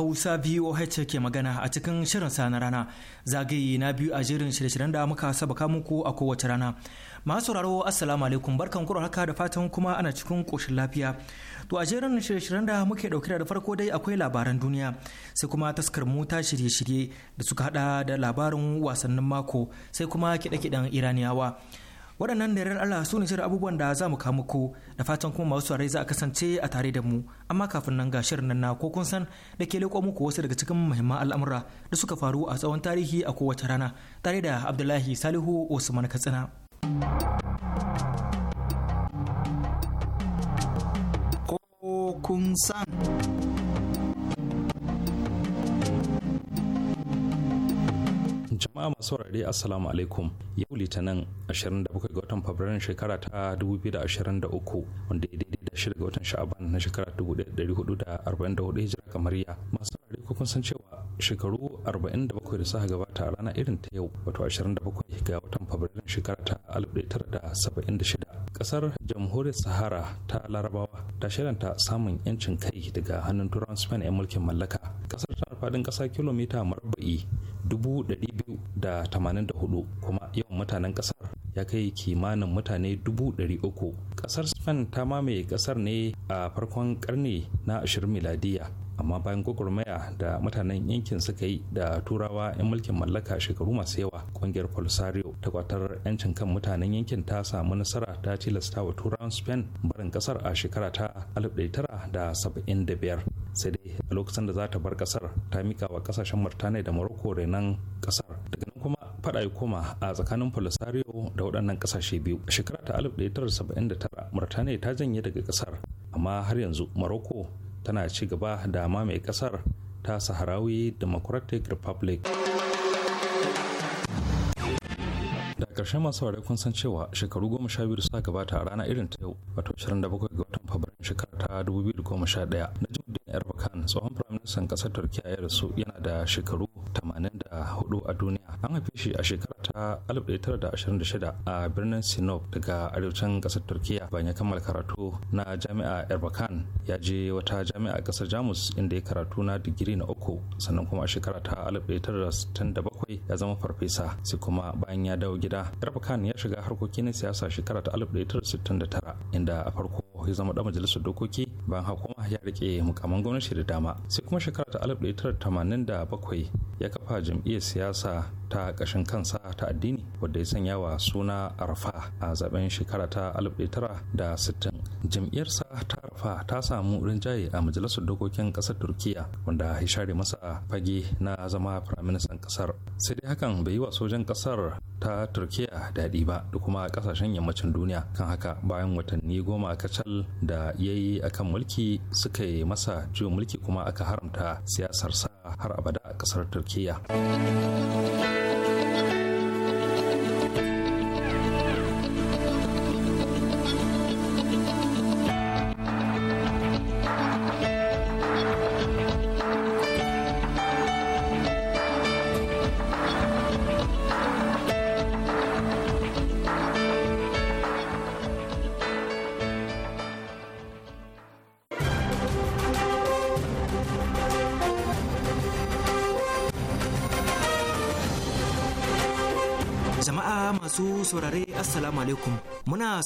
Hausa VOH ke magana a cikin shirin sa na rana zagaye na biyu a jerin shirye-shiryen da muka saba muku a kowace rana. Masu sauraro Assalamu alaikum barkan kura haka da fatan kuma ana cikin koshin lafiya. To a jerin shirye-shiryen da muke dauke da farko dai akwai labaran duniya sai kuma taskar mu ta shirye-shirye da suka hada da labarin wasannin mako sai kuma kiɗe-kiɗen Iraniyawa. waɗannan da Allah su ne shirin abubuwan da za mu kamu ko da fatan kuma masu tsarai za a kasance a tare da mu amma kafin nan ga shirin nan na ko kun san da ke leƙo muku wasu daga cikin muhimman al'amura da suka faru a tsawon tarihi a kowace rana tare da Abdullahi Salihu Usman Katsina. Ko kun san. jama'a masu saurare assalamu alaikum yau litinin 27 ga watan fabrairun shekara ta 2023 wanda ya daidai da shida ga watan sha'aban na shekara 1444 hijira Ya, masu saurare kukun san cewa shekaru 47 da suka gabata a rana irin ta yau wato 27 ga watan fabrairun shekara ta 1976 kasar jamhuriyar sahara ta larabawa ta shirinta samun yancin kai daga hannun turawan spain 'yan mulkin mallaka kasar tana faɗin ƙasa kilomita marabba'i 284 kuma yawan mutanen kasar ya kai kimanin mutane 300 kasar spain ta mamaye kasar ne a farkon karni na 20 miladiya amma bayan gwagwarmaya da mutanen yankin suka yi da turawa 'yan mulkin mallaka shekaru masu yawa kungiyar polisario ta kwatar 'yancin kan mutanen yankin ta samu nasara ta tilasta wa turawan spain barin kasar a shekara ta 1975 sai dai a lokacin da za ta bar kasar ta mika wa kasashen martanai da morocco renan kasar daga nan kuma fada ya koma a tsakanin polisario da waɗannan kasashe biyu a shekara ta 1979 murtaniya ta janye daga kasar amma har yanzu morocco tana ci gaba da mamaye kasar ta saharawi democratic republic da masu ware kun san cewa shekaru goma sha biyu suka gabata a rana irin ta yau wato 27 ga watan fabarin shekara ta 2011 na erbakan tsohon firaministan kasar turkiya ya rasu yana da shekaru 84 a duniya an haife shi a shekara ta 1926 a birnin sinop daga arewacin kasar turkiya bayan ya kammala karatu na jami'a erbakan ya je wata jami'a kasar jamus inda ya karatu na digiri na uku sannan kuma a shekara ta 1967 ya zama farfesa sai kuma bayan ya dawo gida erbakan ya shiga harkokin siyasa shekara ta 1969 inda a farko ya zama dan majalisar dokoki bayan hukuma ya rike mukamman gwamnati da dama sai kuma shekara ta 1987 ya kafa jam'iyyar siyasa ta ƙashin kansa ta addini wadda ya sanya wa suna arfa a zaben shekara ta da 1960 jam'iyyarsa ta arfa ta samu rinjaye a majalisar dokokin ƙasar turkiya wanda ya share masa fage na zama firaministan ƙasar sai dai hakan bai yi wa sojan ƙasar ta turkiya daɗi ba da kuma ƙasashen yammacin duniya kan haka bayan watanni goma kacal da ya yi akan mulki suka yi masa juyin mulki kuma aka haramta siyasarsa har abada a ƙasar turkiya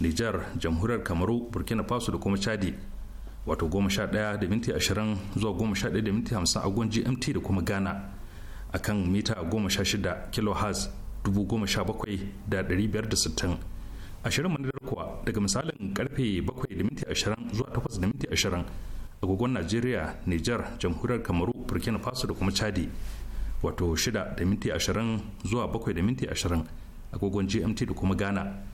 nijar jamhuriyar kamaru burkina faso da kuma chadi wato goma sha ɗaya da minti ashirin zuwa goma sha ɗaya da minti hamsin a gwan gmt da kuma ghana a kan mita goma sha shida kilohertz dubu goma sha bakwai da ɗari biyar da sittin ashirin manadar kuwa daga misalin karfe bakwai da minti ashirin zuwa takwas da minti ashirin agogon najeriya niger jamhuriyar kamaru burkina faso da kuma chadi wato shida da minti ashirin zuwa bakwai da minti ashirin agogon gmt da kuma ghana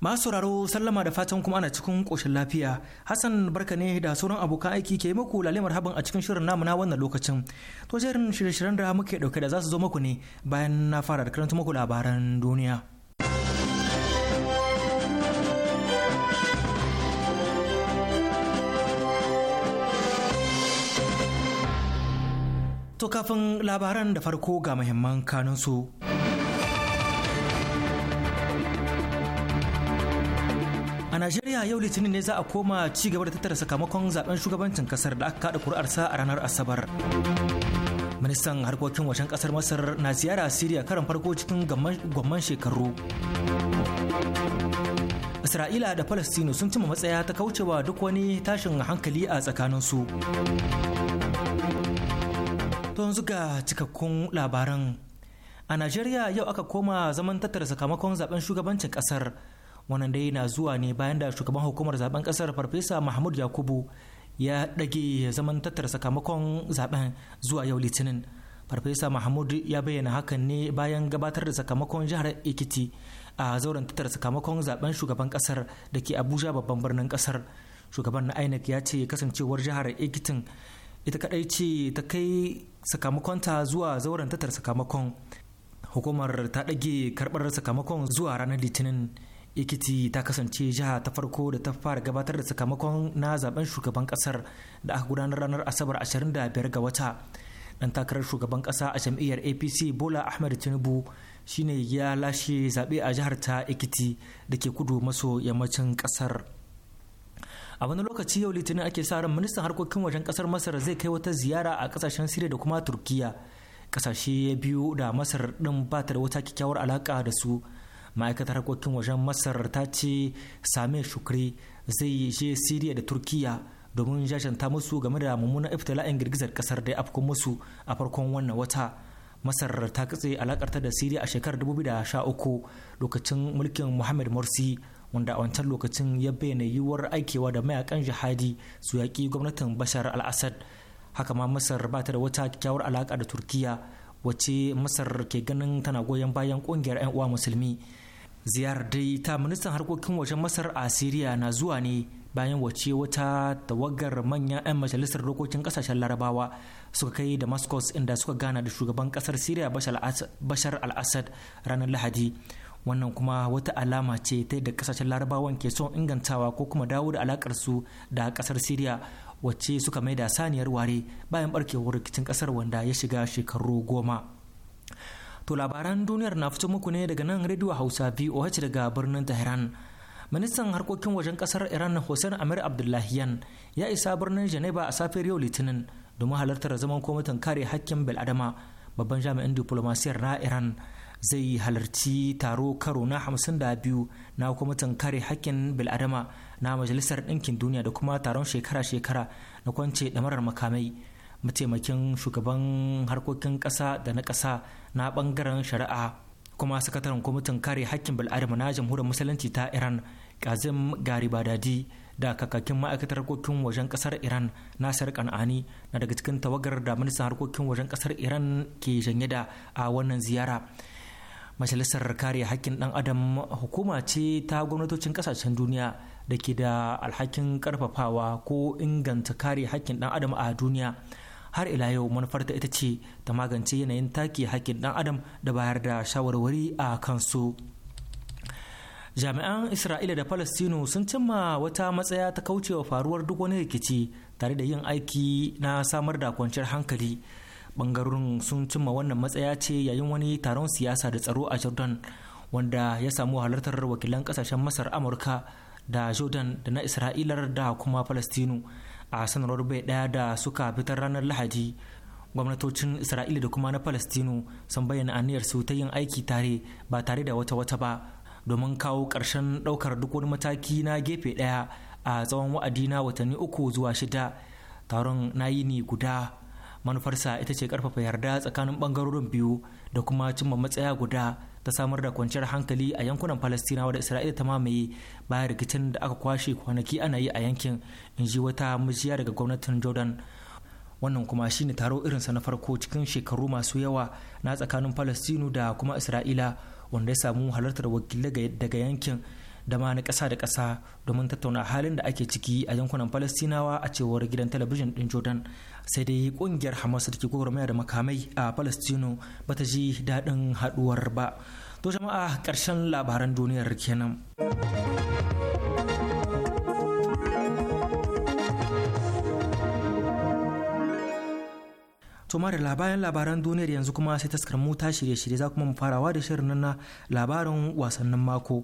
masu sauraro sallama da fatan kuma ana cikin koshin lafiya hassan barka ne da sauran abokan aiki ke yi muku lalimar habin a cikin shirin namu na wannan lokacin to jerin shirye-shiryen da muke dauke da za su zo muku ne bayan na fara da karanta muku labaran duniya To kafin labaran da farko ga muhimman kanunsu Najeriya yau Litinin ne za a koma ci gaba da tattara sakamakon zaben shugabancin kasar da aka kada kuri'arsa a ranar Asabar. Ministan harkokin wajen kasar Masar na ziyara Siriya karan farko cikin gwamman shekaru. Isra'ila da Falastinu sun cima matsaya ta kaucewa duk wani tashin hankali a tsakaninsu. Don zuga cikakkun labaran. A Najeriya yau aka koma zaman tattara sakamakon zaben shugabancin kasar. wannan dai na zuwa ne bayan da shugaban hukumar zaben kasar farfesa mahmud yakubu ya dage zaman tattara sakamakon zaben zuwa yau litinin farfesa mahmud ya bayyana hakan ne bayan gabatar da sakamakon jihar ekiti a zauren tattara sakamakon zaben shugaban kasar da ke abuja babban birnin kasar shugaban na inec ya ce kasancewar jihar ekitin ita kadai ce ta kai sakamakonta zuwa zauren tattara sakamakon hukumar ta dage karɓar sakamakon zuwa ranar litinin ekiti ta kasance jiha ta farko da ta fara gabatar da sakamakon na zaben shugaban kasar da aka gudanar ranar asabar 25 ga wata dan takarar shugaban kasa a jam'iyyar apc bola ahmed tinubu shine ya lashe zaɓe a jihar ta ekiti da ke kudu maso yammacin kasar a wani lokaci yau litinin ake sa ran ministan harkokin wajen kasar masar zai kai wata ziyara a kasashen siriya da kuma turkiya kasashe biyu da masar din ba ta da wata kyakkyawar alaka da su ma'aikatar harkokin wajen masar ta ce same shukri zai je siriya da turkiya domin jajanta musu game da mummunan iftila'in girgizar kasar da ya afko musu a farkon wannan wata masar ta katse alakarta da siriya a shekarar 2013 lokacin mulkin muhammad morsi wanda a wancan lokacin ya bayyana yiwuwar aikewa da mayakan jihadi su yaƙi gwamnatin bashar al-assad haka ma masar ba ta da wata kyakkyawar alaƙa da turkiyya. wacce masar ke ganin tana goyon bayan kungiyar 'yan uwa musulmi ziyarar dai ta ministan harkokin wajen masar a siriya na zuwa ne bayan wacce wata tawagar manyan 'yan majalisar dokokin kasashen larabawa suka kai damascus inda suka gana da shugaban kasar siriya bashar al-assad ranar lahadi wannan kuma wata alama ce ta yadda kasashen larabawan ke son ingantawa ko kuma dawo da alakar su da kasar siriya wacce suka maida saniyar ware bayan barkewar rikicin kasar wanda ya shiga shekaru goma to labaran duniyar na fito muku ne daga nan rediyo hausa voh daga birnin tehran ministan harkokin wajen kasar iran hussein amir abdullahiyan ya isa birnin geneva a safiyar yau litinin domin halartar zaman kwamitin kare hakkin bil'adama babban jami'in diplomasiyar na iran zai halarci taro karo na hamsin da biyu na kwamitin kare hakkin bil'adama na majalisar ɗinkin duniya da kuma taron shekara-shekara na kwance ɗamarar makamai mataimakin shugaban harkokin ƙasa da na ƙasa na ɓangaren shari'a kuma sakataren kwamitin kare hakkin bil'adama na jamhuriyar musulunci ta iran kazim garibadadi da kakakin ma'aikatar harkokin wajen kasar iran nasir kan'ani na daga cikin tawagar da ministan harkokin wajen kasar iran ke janye da a wannan ziyara majalisar kare hakkin ɗan adam hukuma ce ta gwamnatocin ƙasashen duniya da ke da alhakin karfafawa ko inganta kare hakkin ɗan adam a duniya har ila yau manufarta ita ce ta magance yanayin take hakkin ɗan adam da bayar da shawarwari a kansu jami'an isra'ila da palestino sun cimma wata matsaya ta kaucewa faruwar duk wani rikici tare da yin aiki na samar da kwanciyar hankali bangarorin sun cimma wannan matsaya ce yayin wani taron siyasa da tsaro a jordan wanda ya samu halartar wakilan kasashen masar amurka da jordan da na isra'ilar da kuma palestinu a sanarwar bai daya da suka fitar ranar lahadi gwamnatocin isra'ila da kuma na palestinu sun bayyana aniyar su ta yin aiki tare ba tare da wata wata ba domin kawo ƙarshen ɗaukar duk wani mataki na gefe ɗaya a tsawon wa'adi na watanni uku zuwa shida taron na yi ni guda manufarsa ita ce karfafa yarda tsakanin bangarorin biyu da kuma cimma matsaya guda ta samar da kwanciyar hankali a yankunan palestinawa da isra'ila ta mamaye bayan rikicin da aka kwashe kwanaki ana yi a yankin in ji wata mujiya daga gwamnatin jordan wannan kuma shine taro irin irinsa na farko cikin shekaru masu yawa na tsakanin palestinu da kuma isra'ila wanda ya samu halartar wakilai daga yankin da ma na kasa da kasa domin tattauna halin da ake ciki a yankunan palestinawa a cewar gidan talabijin din jordan sai dai kungiyar hamas da ke gwagwarmaya da makamai a palestino ba ta ji daɗin haɗuwar ba to jama'a ƙarshen labaran duniyar kenan to da bayan labaran duniyar yanzu kuma sai taskar ta shirye-shirye za kuma mu farawa da shirin na labarin wasannin mako.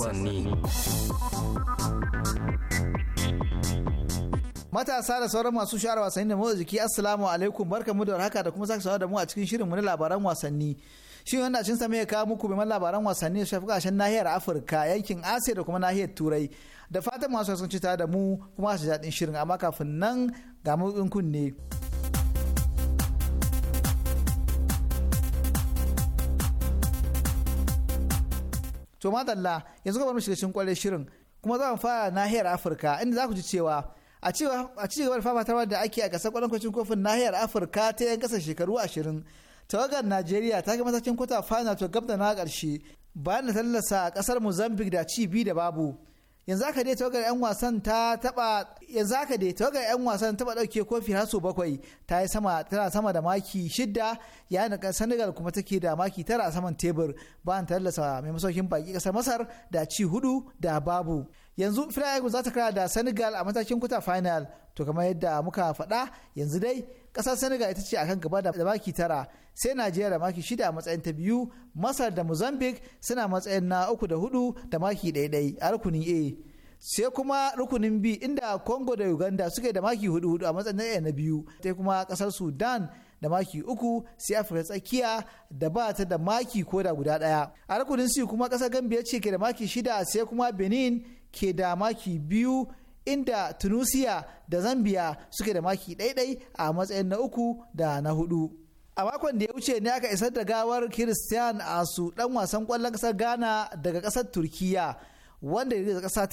wasanni. Matasa da sauran masu shara wasanni da motsa jiki Assalamu alaikum mu da haka da kuma sake sawa da mu a cikin shirinmu na labaran wasanni. Shi wanda cin same ya kawo muku biman labaran wasanni da shafi kashen nahiyar Afirka yankin Asiya da kuma nahiyar Turai. Da fatan masu sun ci da mu kuma su daɗin shirin amma kafin nan ga mu'in kunne. to madalla yanzu ga mu shiga cikin kwalle shirin kuma za mu fara nahiyar afirka inda za ku ji cewa a ci gaba da fama fafatarwa da ake a gasar kwallon kwacin kofin nahiyar afirka ta yan kasar shekaru ashirin tawagar najeriya ta kai matakin kwata final to gab na karshe bayan da tallasa a kasar mozambique da ci bi da babu yanzu aka dai tawagar 'yan wasan ta taba yanzu aka dai tawagar 'yan wasan taba dauke kofi har sau bakwai ta yi sama tana sama da maki shida yayin da Senegal kuma take da maki tara a saman tebur bayan ta lallasa mai masaukin baki kasar Masar da ci hudu da babu yanzu Firayigun za ta kara da Senegal a matakin kuta final to kamar yadda muka faɗa yanzu dai kasar senegal ita ce akan gaba da maki tara sai najeriya da maki shida a matsayin ta biyu masar da mozambique suna matsayin na uku da hudu da maki ɗaiɗai a rukunin a sai kuma rukunin b inda congo da uganda suke da maki hudu hudu a matsayin na biyu sai kuma kasar sudan da maki uku sai afirka tsakiya da ba ta da maki ko da guda ɗaya a rukunin c kuma kasar gambia ce ke da maki shida sai kuma benin ke da maki biyu inda tunisia da zambia suke da maki ɗaiɗai a matsayin na uku da na hudu a makon da ya wuce ne aka isar da gawar christian asu dan wasan kwallon kasar ghana daga kasar turkiya wanda girgizar kasa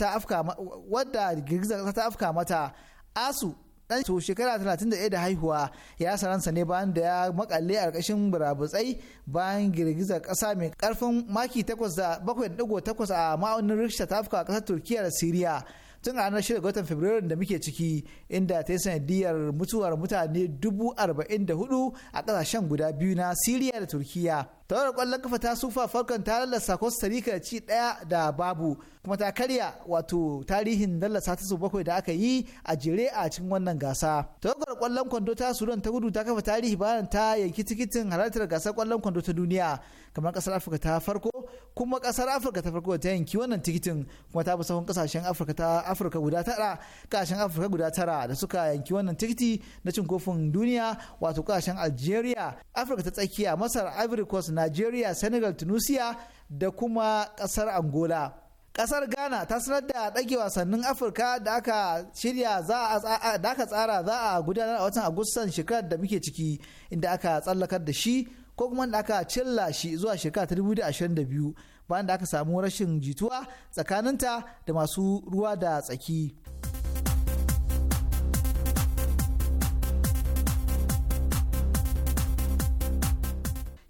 ta afka mata asu dan to shekara 31 da haihuwa ya saransa ne bayan da ya makalle a ƙarƙashin burabutsai bayan girgizar kasa mai karfin maki 8.8 a ma'aunin rishta ta afka kasar turkiya da siriya tun a ranar shida ga watan fabrairu da muke ciki inda ta yi sanadiyar mutuwar mutane dubu arba'in da hudu a ƙasashen guda biyu na siriya da turkiyya. tawar kwallon kafa ta sufa farkon ta lallasa ko sarika da ci daya da babu kuma ta karya wato tarihin lallasa ta su bakwai da aka yi a jere a cikin wannan gasa tawagar kwallon kwando ta sudan ta gudu ta kafa tarihi bayan ta yanki tikitin halartar gasar kwallon kwando ta duniya kamar kasar afirka ta farko kuma kasar afirka ta farko ta yanki wannan tikitin kuma ta bi sahun kasashen afirka ta afirka guda tara kasashen afirka guda tara da suka yanki wannan tikiti na cin kofin duniya wato kasashen algeria afirka ta tsakiya masar ivory coast Najeriya, Senegal, Tunisia da kuma ƙasar Angola. Ƙasar Ghana ta sanar da ɗage wasannin Afirka da aka shirya da aka tsara za a gudanar a watan Agustan shekarar da muke ciki inda aka tsallakar da shi ko kuma da aka cilla shi zuwa shekarar 2022 bayan da aka samu rashin jituwa tsakaninta da masu ruwa da tsaki.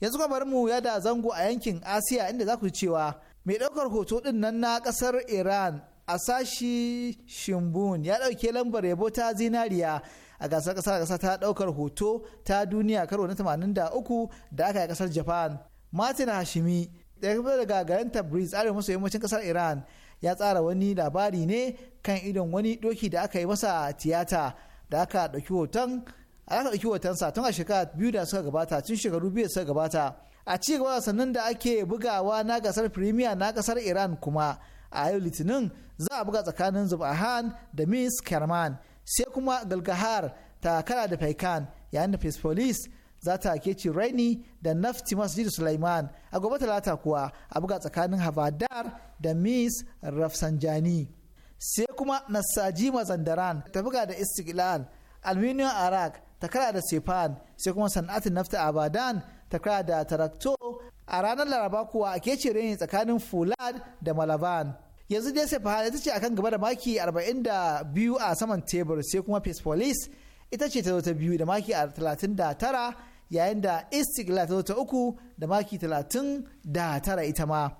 yanzu kuma mu ya da zango a yankin asiya inda za ku ji cewa mai ɗaukar hoto ɗin nan na ƙasar iran asashi shimbun ya ɗauke lambar yabo ta zinariya a gasar ƙasa ƙasa ta ɗaukar hoto ta duniya karo na 83 da aka yi ƙasar japan martin hashimi da ya daga garin tabriz arewa maso yammacin ƙasar iran ya tsara wani labari ne kan idon wani doki da aka yi masa tiyata da aka ɗauki hoton a aka ɗauki watansa tun a shekara biyu da suka gabata tun shekaru biyu da suka gabata a ci gaba da sannan da ake bugawa na gasar firimiya na gasar iran kuma a yau litinin za a buga tsakanin zubahan da miss kerman sai kuma galgahar ta kara da faikan yayin da police za ta keci raini da nafti masjid sulaiman a gobe talata kuwa a buga tsakanin havadar da miss rafsanjani sai kuma nasaji mazandaran ta buga da istiklal aluminium arak takara da sefan sai kuma sana'atin nafta abadan takara da tarakto a ranar laraba kuwa a kecere ne tsakanin fulad da malaban yanzu dai sefan ita ce akan gaba da maki 42 a saman tebur sai kuma police ita ce ta zo ta biyu da maki 39 yayin da istiklal ta zo ta uku da maki 39 ita ma.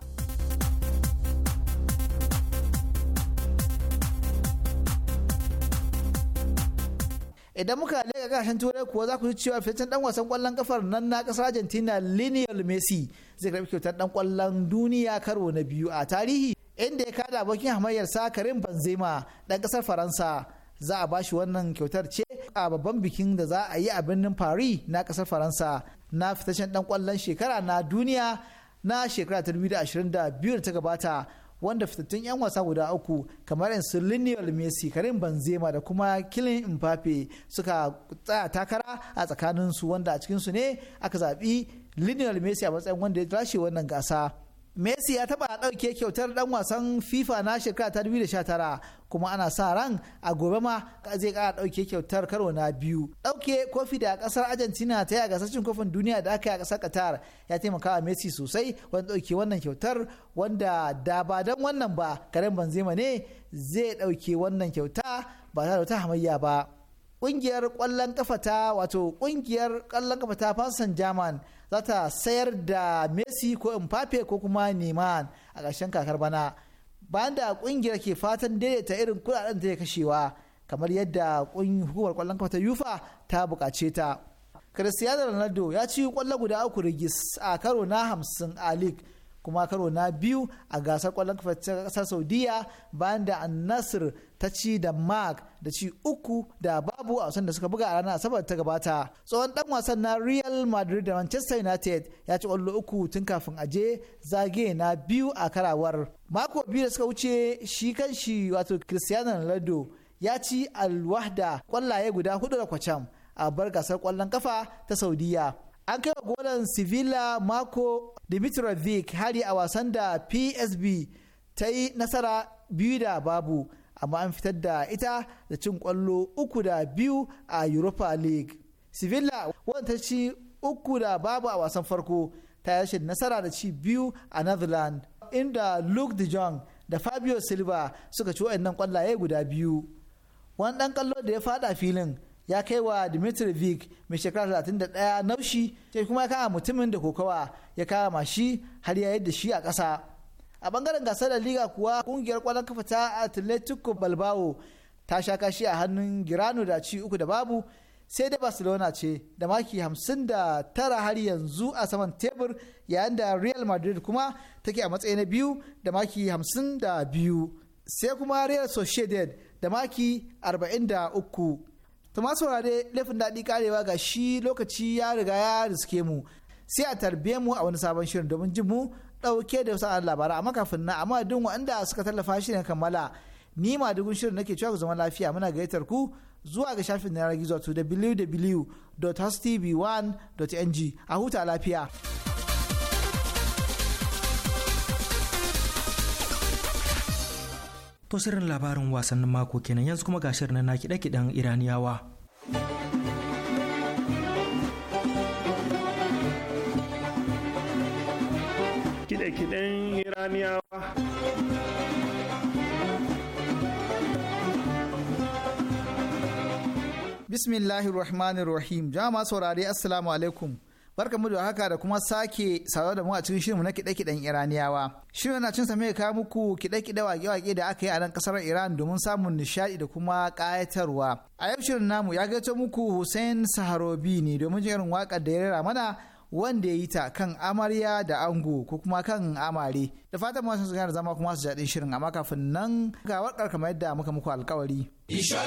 idan muka leka kashin turai kuwa za ku ji cewa fitaccen dan wasan kwallon kafar nan na kasar argentina lionel messi zai karbi kyautar dan kwallon duniya karo na biyu a tarihi inda ya kada abokin hamayyar sa karim benzema dan kasar faransa za a bashi wannan kyautar ce a babban bikin da za a yi a birnin paris na kasar faransa na fitaccen dan kwallon shekara na duniya na shekara ta 2022 da ta gabata wanda fitattun 'yan wasa guda uku kamar in su Lionel Messi, Karim Benzema da kuma Kylian Mbappe suka tsaya takara a tsakanin su wanda a su ne aka zaɓi Lionel Messi a matsayin wanda ya lashe wannan gasa. Messi ya taba ɗauke kyautar ɗan wasan FIFA na shekara ta 2019 kuma ana sa ran a gobe ma zai ƙara ɗauke kyautar karo na biyu. Ɗauke kofi da ƙasar Argentina ta yi a gasashen kofin duniya da aka yi a ƙasar Qatar ya taimaka wa Messi sosai wanda ɗauke wannan kyautar wanda da ba don wannan ba Karen Benzema ne zai ɗauke wannan kyauta ba tare da wata hamayya ba. Ƙungiyar ƙwallon kafa ta wato ƙungiyar ƙwallon kafa ta Fasan German za ta sayar da messi ko mbappe ko kuma neman a ƙarshen kakar bana bayan da ƙungiyar ke fatan daidaita irin kuɗaɗen da ya kashewa kamar yadda hukumar ƙwallon kafa ta yufa ta buƙace ta cristiano ronaldo ya ci ƙwallo guda uku rigis a karo na hamsin a league kuma karo na biyu a gasar kwallon kafa ta kasar saudiya bayan da annasir ta ci da mark da ci uku da babu a wasan da suka buga a ranar asabar ta gabata tsohon dan wasan na real madrid da manchester united ya ci kwallo uku tun kafin aje zage na biyu a karawar mako biyu da suka wuce shi kan shi wato cristiano ronaldo ya ci alwahda kwallaye guda hudu da kwacam a bar gasar kwallon kafa ta saudiya an kai wa golan sevilla mako dimitrovic hari a wasan da psb ta yi nasara biyu da babu amma an fitar da ita da cin kwallo uku da biyu a europa league sevilla wadda ta ci uku da babu a wasan farko ta yashin nasara da ci biyu a netherland inda luke de jong da fabio silva suka ci waɗannan kwallaye guda biyu wani dan kallo da ya fada filin ya kai wa dimitri mai shekara 31 naushi sai kuma ya kama mutumin da kokawa ya kama shi har ya yadda shi a ƙasa a bangaren gasar da liga kuwa ƙungiyar kwallon kafa ta atletico balbao ta sha kashi a hannun girano da ci uku da babu sai da barcelona ce da maki 59 har yanzu a saman tebur yayin da real madrid kuma take a matsayi na biyu da maki 52 sai kuma real sociedad da maki 43 to masu saurare laifin daɗi karewa ga shi lokaci ya riga ya riske mu sai a tarbiye mu a wani sabon shirin domin jin mu ɗauke da wasu labara amma kafin na amma duk wanda suka tallafa shi ne kammala ni ma dugun shirin nake cewa ku zama lafiya muna gayyatar ku zuwa ga shafin yanar gizo to www.hostv1.ng a huta lafiya. To sirrin labarin wasannin mako kenan yanzu kuma ga shirin na kiɗe-kiɗen Iraniyawa. Kiɗe-kiɗen Iraniyawa. Bismillahirrahmanirrahim. Jama'a saurari Assalamu alaikum. barka mu da haka da kuma sake saurara da mu a cikin shirinmu na kiɗe-kiɗen Iraniyawa. Shirin na cin sa mai kawo muku kiɗe-kiɗe wake-wake da aka yi a nan ƙasar Iran domin samun nishaɗi da kuma ƙayatarwa. A yau shirin namu ya gaito muku Hussein Saharobi ne domin jin irin waƙar da ya rera mana wanda ya yi ta kan amarya da ango ko kuma kan amare da fatan masu sun gane zama kuma su jaɗin shirin amma kafin nan ga warkar kamar yadda muka muku alkawari. ایشان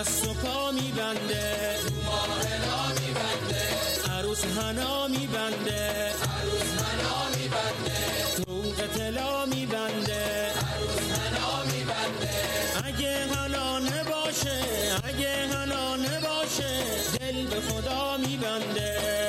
دست و پا میبنده ماه میبنده عروس هنا میبنده عروس هنا میبنده طوق طلا میبنده عروس هنا میبنده اگه هنا نباشه اگه هنا نباشه دل به خدا میبنده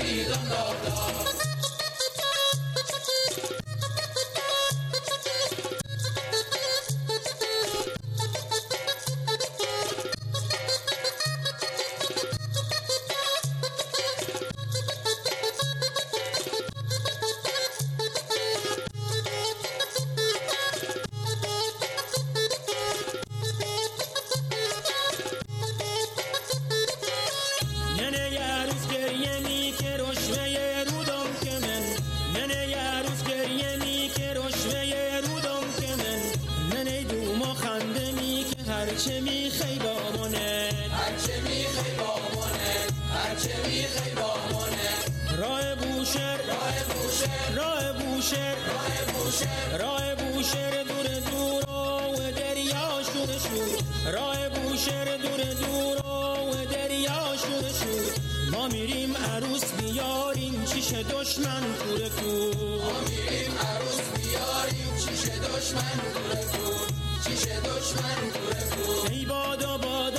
We the lover. شهر دور دور و دریا شور شور ما میریم عروس بیاریم چیش دشمن کور کور ما میریم عروس بیاریم چیش دشمن کور کور چیش دشمن کور کور ای بادا بادا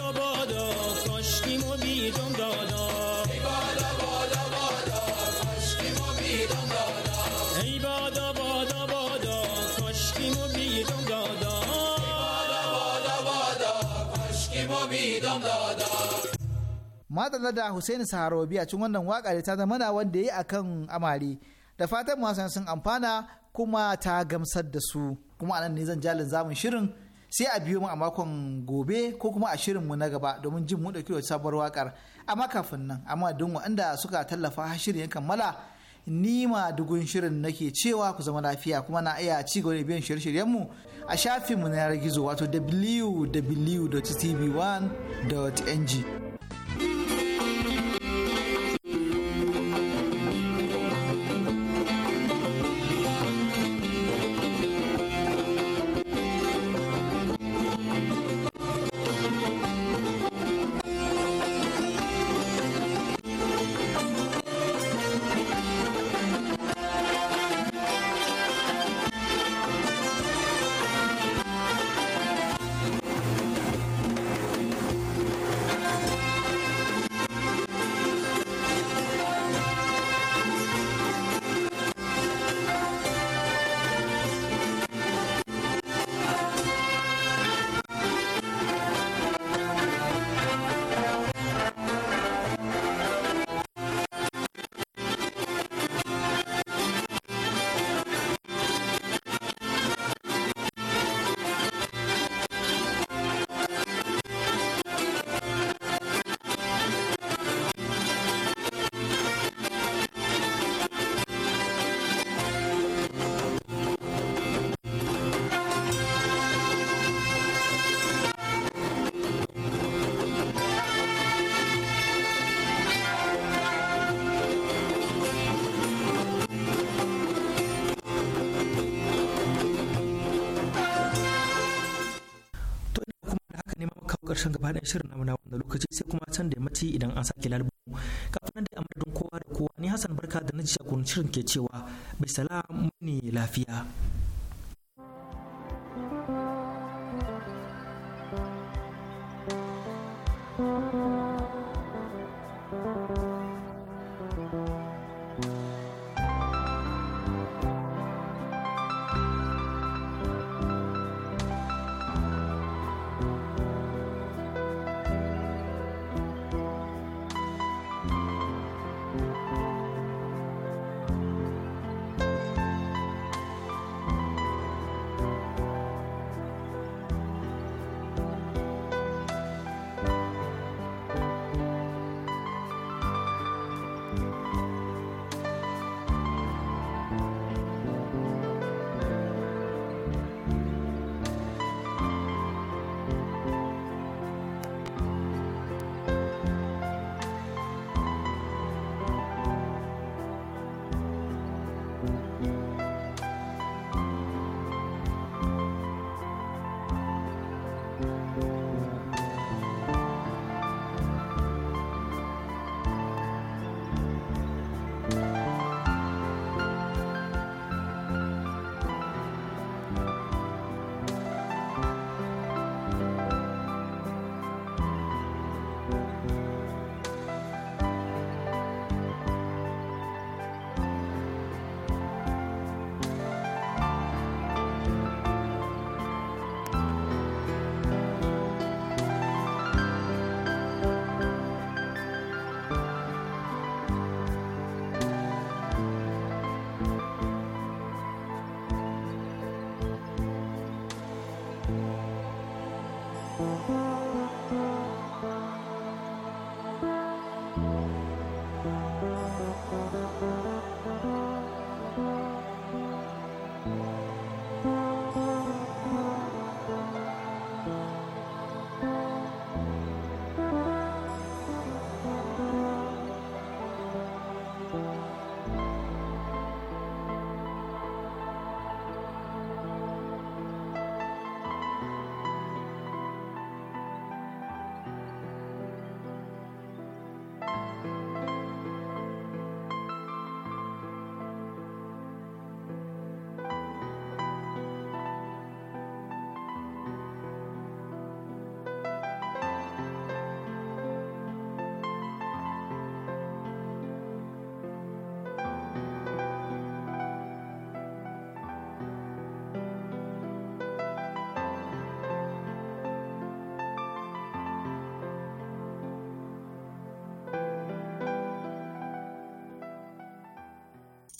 madalla da Hussein Saharobi a cikin wannan waka da ta zama na wanda yi akan amare da fatan masu sun amfana kuma ta gamsar da su kuma anan ne zan jalin zamun shirin sai a biyo mu a makon gobe ko kuma a shirin mu na gaba domin jin mu dauki sabuwar wakar amma kafin nan amma don wanda suka tallafa shirin yankan kammala ni ma dugun shirin nake cewa ku zama lafiya kuma na iya ci gaba da biyan shirye-shiryen mu a mu na yar gizo wato www.tv1.ng karshen gaba da shirin namu na lokaci sai kuma can da mace idan an sake lalbu kafin nan dai a madadin kowa da kowa ni hassan barka da na jagorancin shirin ke cewa bai salam ne lafiya